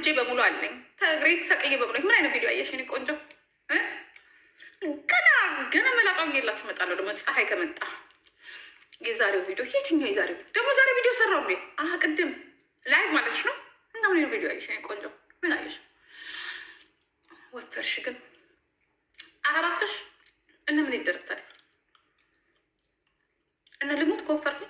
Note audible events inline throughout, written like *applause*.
እጄ በሙሉ አለኝ። ተግሬ ተሰቀየ በሙሉ ምን አይነት ቪዲዮ አየሽ? ቆንጆ ገና ገና መላጣውን የላችሁ እመጣለሁ። ደግሞ ፀሐይ ከመጣ የዛሬው ቪዲዮ የትኛው የዛሬው ደግሞ ዛሬ ቪዲዮ ሰራው እንዴ? አሀ ቅድም ላይቭ ማለትሽ ነው። እና ምን ቪዲዮ አየሽ? ቆንጆ ምን አየሽ? ወፈርሽ ግን አራባክሽ እና ምን ይደረግ ታዲያ? እና ልሞት ከወፈርኩኝ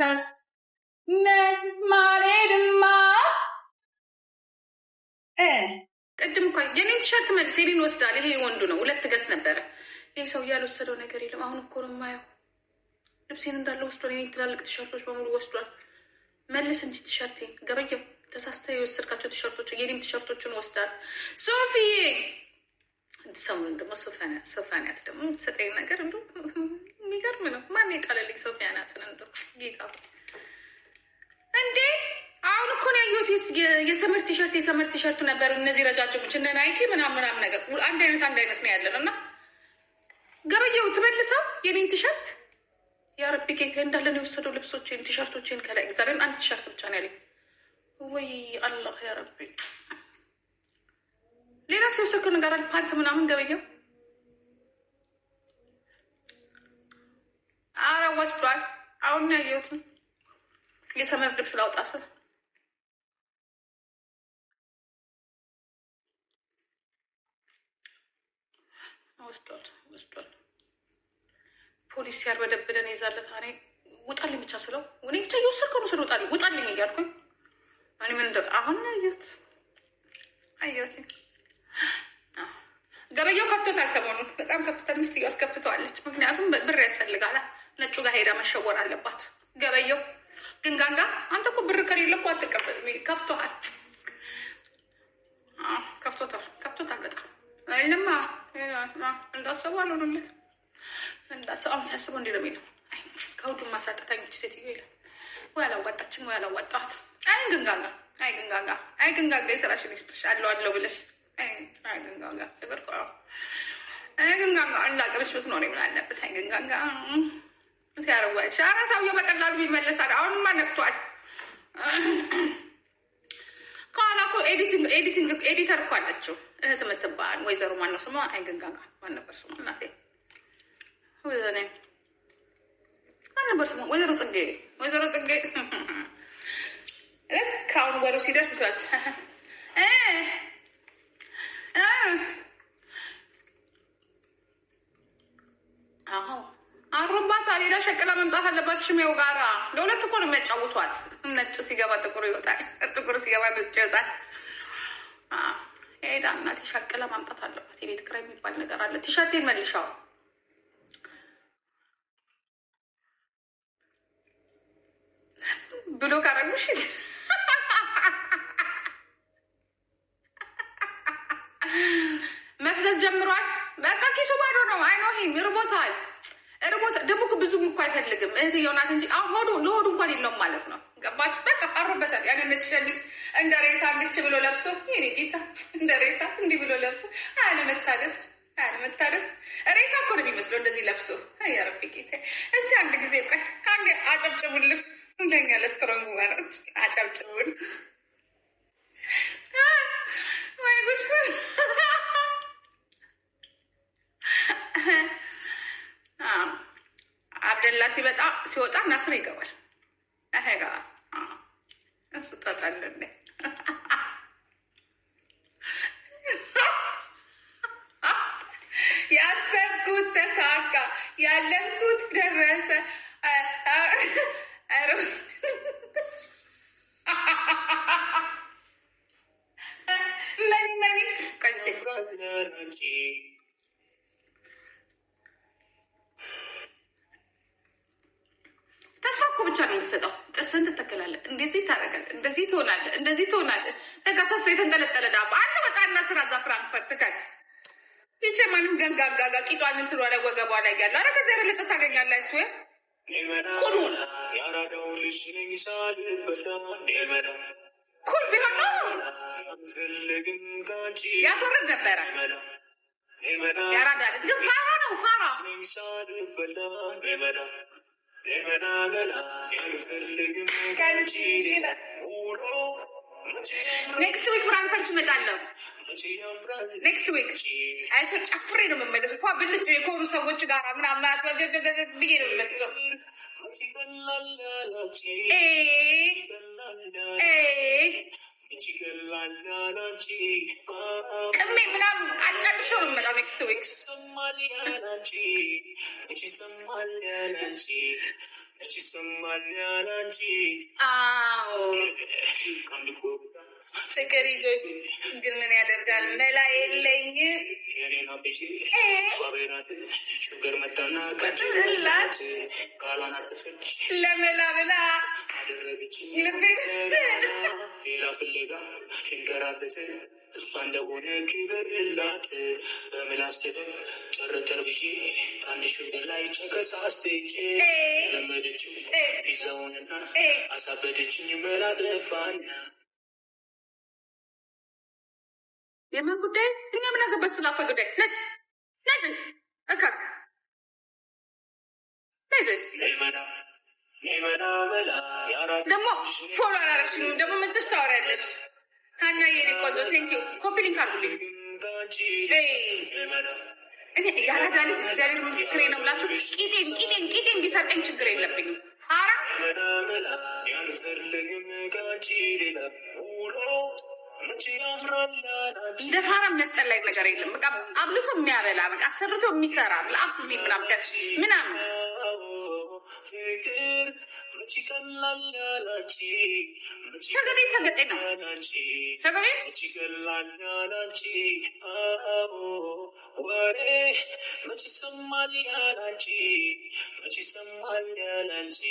kan. ነን ቅድም እኳ የኔን ቲሸርት መልስ የኔን ወስዳል። ይሄ ወንዱ ነው። ሁለት ገጽ ነበረ። ይህ ሰው ያልወሰደው ነገር የለም። አሁን እኮ ነው የማየው። ልብሴን እንዳለ ወስዷል። የኔን ትላልቅ ቲሸርቶች በሙሉ ወስዷል። መልስ እንጂ ቲሸርቴ ገበየው ተሳስተ የወሰድካቸው ቲሸርቶች የኔም ቲሸርቶችን ወስዳል። ሶፊዬ ሰሙን ደግሞ ሶፋንያት ደግሞ ሰጠኝ ነገር እንደ የሚገርም ነው። ማን የጣለልኝ ሰው ፊያናትን እንደው ጌታ እንዴ! አሁን እኮ ነው ያየሁት። የሰመር ቲሸርት የሰምር ቲሸርት ነበሩ እነዚህ ረጃጅሞች እነ ናይኪ ምናምን ምናምን ነገር አንድ አይነት አንድ አይነት ነው ያለን እና ገበየው ትመልሰው የኔን ቲሸርት የአረቢ ጌታ እንዳለን የወሰደው ልብሶችን ቲሸርቶችን ከላይ እግዚአብሔር አንድ ቲሸርት ብቻ ነው ያለኝ። ወይ አላህ ያረቢ ሌላ ሰው ሰክር ነገር አለ ፓንት ምናምን ገበየው ወስዷል። አሁን ያየሁት። የሰመር ልብስ ላውጣ ስል ወስዷል ወስዷል። ፖሊስ ሲያርበደብደን ይዛለት እኔ ውጣልኝ ብቻ ስለው እኔ ብቻ እየወሰድክ ነው ስል ውጣልኝ ውጣልኝ እያልኩኝ እኔ ምን እንደ አሁን ያየሁት አየሁት። ገበየው ከፍቶታል፣ ሰሞኑን በጣም ከፍቶታል። ሚስትየው አስከፍተዋለች፣ ምክንያቱም ብር ያስፈልጋል። ነጩ ጋር ሄዳ መሸወር አለባት። ገበየው ግን ጋንጋ አንተ እኮ ብር ከሌለ እኮ አትቀበጥም። ከፍቶሃል፣ ከፍቶታል፣ ከፍቶታል በጣም ልማ እንዳሰቡ አልሆነለት እንዳሰቡ አሁን ሲያስበው እንዲ ነው የሚለው ከሁሉም ማሳጠታኞች ሴትዮ ይላል። ወይ አላዋጣችም፣ ወይ አላዋጣት። አይ ግንጋጋ፣ አይ ግንጋጋ፣ አይ ግንጋጋ የስራሽን ይስጥሽ አለው አለው ብለሽ አይ ግንጋጋ፣ ችግር አይ ግንጋጋ፣ አላቅምሽ ብትኖሪ ምን አለበት? አይ ግንጋጋ ሲያረዋች ኧረ ሰውዬው በቀላሉ ይመለሳል። አሁንማ ነቅቷል። ከኋላ እኮ ኤዲቲንግ ኤዲቲንግ ኤዲተር እኮ አላቸው እህት የምትባል ወይዘሮ ማነው ስሟ? አይገንጋጋ ማን ነበር ስሟ? እናቴ ወዘኔ ማን ነበር ስሟ? ወይዘሮ ጽጌ ወይዘሮ ጽጌ ልክ አሁን ወሩ ሲደርስ ትላስ አሁን አምሮባት ሌላ ሸቅላ መምጣት አለባት። ሽሜው ጋራ ለሁለት እኮ ነው የሚያጫውቷት። ነጭ ሲገባ ጥቁር ይወጣል፣ ጥቁር ሲገባ ነጭ ይወጣል። ሄዳ እናቴ ሸቅላ ማምጣት አለባት። የቤት ኪራይ የሚባል ነገር አለ። ቲሸርቴን መልሻው ብሎ ካረጉሽ መፍዘዝ ጀምሯል። በቃ ኪሱ ባዶ ነው። አይኖ ይርቦታል። ርቦት ደግሞ ብዙም እኮ አይፈልግም እህትየው ናት እንጂ አሁን ለሆዱ እንኳን የለውም ማለት ነው። ገባች በቃ አሩበታል። ያን ነጭ ሸሚዝ እንደ ሬሳ እንች ብሎ ለብሶ ይኔ ጌታ እንደ ሬሳ እንዲህ ብሎ ለብሶ አለመታደፍ አለመታደፍ። ሬሳ እኮ ነው የሚመስለው እንደዚህ ለብሶ ያረቢ ጌታ። እስቲ አንድ ጊዜ ቆይ ከአንድ አጨብጭቡልን፣ እንደኛ ለስትሮንግ ማለት አጨብጭቡን። ወይ ጉድ አብደላ ሲበጣ ሲወጣ ናስር ይገባል ይገባል እሱ ጠጣለ ያሰብኩት ተሳካ፣ ያለምኩት ደረሰ። የምትሰጠው። ጥርስን ትተክላለህ፣ እንደዚህ ታደርጋለህ፣ እንደዚህ ትሆናለህ፣ እንደዚህ ትሆናለህ። በቃ ተስፋ የተንጠለጠለ ዳቦ አንተ ወጣና ስራ እዛ ፍራንክፈርት ከግ ይቸ ማንም ገንጋጋጋ ቂጧን እንትኗ ላይ ወገቧ ላይ ያለ አረ ከዚያ በለጠ ታገኛለህ አይስ ኩል ቢሆን ያስወርድ ነበረ። ያራዳ ግን ፋራ ነው ፋራ ኔክስት ዊክ ፍራንክፈርት እመጣለሁ። ኔክስት ዊክ አይፈር ጨፍሬ ነው የምመለሰው። ኳ ብልጭ ከሆኑ ሰዎች ጋር ምናምን ብዬ ነው የምመለሰው። ቅሜ ምናምን አጫቅሾ መጣ ኔክስት ዊክ ፍቅር ይዞ ግን ምን ያደርጋል? መላ የለኝ ችግር መጣና ቀጭላት ቃሏን አለፈች ለመላ ብላ አደረገች ሌላ ፍለጋ ሽንገራለች እሷ እንደሆነ ክበርላት በምላስ ተደብ ጨረተር ብዬ አንድ ሽብር ላይ ጨቀሳ አስቴቄ የለመደችው አሳበደችኝ መላት ነፋና የምን ጉዳይ? እኛ ምን አገባን? ስለ ጉዳይ ነጭ ነጭ እካ ደግሞ ፎሎ አላረግሽም። ደግሞ መጥተሽ ታወሪያለሽ። ሀና የኔ ቆንጆ ቴንክ ኮፒሊንክ አድርጉልኝ። እኔ ያራዳ ልጅ እግዚአብሔር ምስክሬ ነው ብላችሁ ቂጤን ቂጤን ቂጤን ቢሰርቀኝ ችግር የለብኝም። እንደ ፋራ የሚያስጠላኝ ነገር የለም። በቃ አብልቶ የሚያበላ በቃ አሰርቶ የሚሰራ ለአፍ የሚል ምናምን सगळे सांगते ना सगळे संभालण्याची संभालण्याची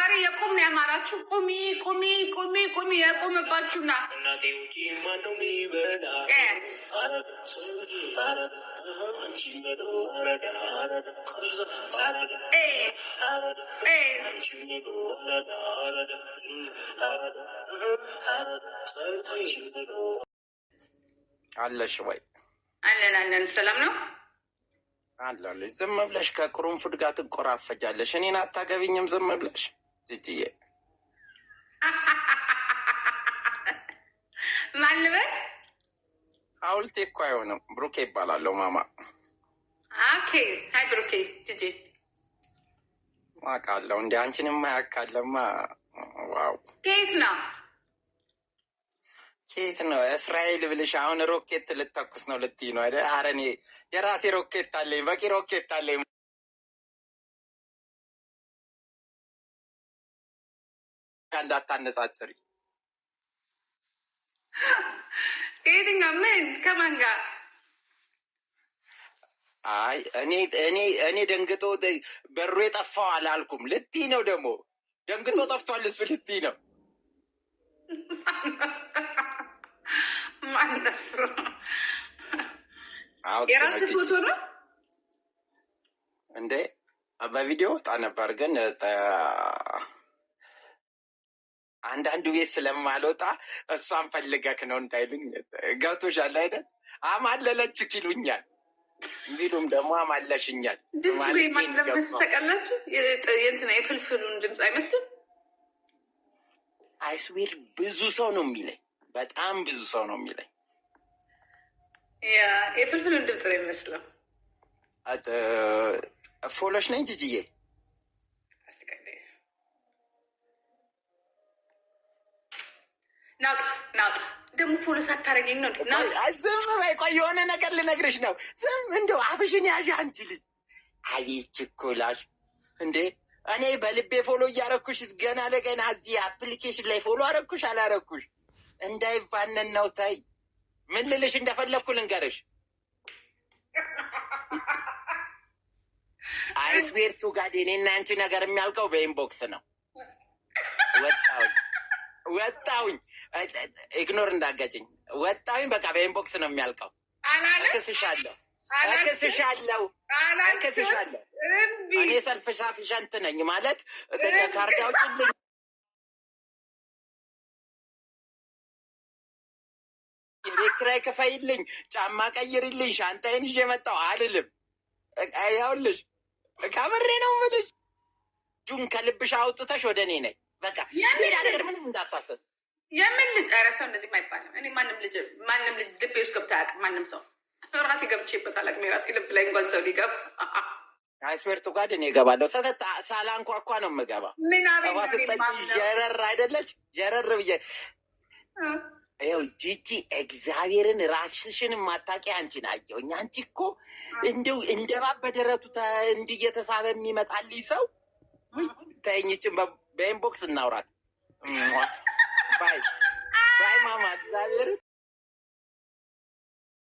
ዛሬ የቁም ነው ያማራችሁ። ቁሚ ቁሚ ቁሚ ቁሚ የቁምባችሁና አለሽ ወይ? አለን አለን። ሰላም ነው አላለች። ዝም ብለሽ ከቁርንፉድ ጋር ትቆራፈጃለሽ። እኔን አታገቢኝም። ዝም ብለሽ ጅጅዬ *laughs* ማን ልበል? እኮ አይሆንም። ብሩኬ ይባላለሁ። ማማ ኦኬ። ሀይ ብሩኬ። ጅጅ አውቃለሁ። እንደ ዋው። ነው ነው? እስራኤል ብልሽ አሁን ሮኬት ልተኩስ ነው ልትይ ነው እኔ የራሴ ሮኬት አለኝ፣ በቂ ሮኬት አለኝ። ኢትዮጵያ እንዳታነጻጽሪ። ከየትኛው ምን ከማን ጋር? አይ እኔ እኔ እኔ ደንግጦ በሩ የጠፋው አላልኩም። ልቲ ነው ደግሞ ደንግጦ ጠፍቷል እሱ ልቲ ነው። ማነሱ የራስ ፎቶ ነው እንዴ? በቪዲዮ ወጣ ነበር ግን አንዳንዱ ቤት ስለማልወጣ እሷን ፈልገክ ነው እንዳይሉኝ ገብቶሻል አይደል? አማለለች ይሉኛል ቢሉም ደግሞ አማለሽኛል። ድምፅ ማለምታውቃላችሁ። የእንትና የፍልፍሉን ድምፅ አይመስልም። አይስዌር ብዙ ሰው ነው የሚለኝ፣ በጣም ብዙ ሰው ነው የሚለኝ። የፍልፍሉን ድምፅ ነው የሚመስለው። ፎሎሽ ነኝ ጅጅዬ ናውጥ ናውጥ ደግሞ ፎሎ ሳታደርገኝ ነው። ዝም በይ ቆይ፣ የሆነ ነገር ልነግርሽ ነው። ዝም እንደው አፍሽን ያዥ አንቺ ልጅ። አይ ችኮላሽ እንዴ! እኔ በልቤ ፎሎ እያረኩሽ ገና ለገና እዚህ አፕሊኬሽን ላይ ፎሎ አረኩሽ አላረኩሽ እንዳይባነን ነው። ታይ ምን ልልሽ እንደፈለግኩ ልንገርሽ። *laughs* አይስቤርቱ ጋድ እኔና አንቺ ነገር የሚያልቀው በኢንቦክስ ነው። ወጣሁኝ። ኢግኖር እንዳጋጨኝ ወጣሁኝ። በቃ በኢንቦክስ ነው የሚያልቀው። እክስሻለሁ፣ እክስሻለሁ፣ እክስሻለሁ። እኔ ሰልፍ ሳፊሸንት ነኝ ማለት ካርድ አውጪልኝ የቤት ኪራይ ክፈይልኝ፣ ጫማ ቀይርልኝ፣ ሻንጣዬን ይዤ መጣሁ አልልም። ያውልሽ ከምሬ ነው የምልሽ። እጁን ከልብሽ አውጥተሽ ወደ እኔ ነይ በቃ ሌላ ነገር ምንም እንዳታስብ። የምን ልጅ ኧረ ሰው እንደዚህም አይባልም። እኔ ማንም ልጅ ማንም ልጅ ልቤ ውስጥ ገብታ አያውቅም። ማንም ሰው ራሴ ገብቼበት አላውቅም። የራሴ ልብ ላይ እንኳን ሰው ሊገባ አይስዌርቱ ጋር እኔ እገባለሁ። ሰተት ሳላንኳኳ ነው የምገባ። ስጠጭ ጀረር አይደለች ጀረር ብዬ ይኸው ጂጂ እግዚአብሔርን ራስሽን ማታቂ አንቺ ናየው። እኛ አንቺ እኮ እንደው እንደ እባብ በደረቱ እንዲህ እየተሳበ የሚመጣልኝ ሰው ተኝችን በኢንቦክስ እናውራት ባይ ባይ ማማ እግዚአብሔር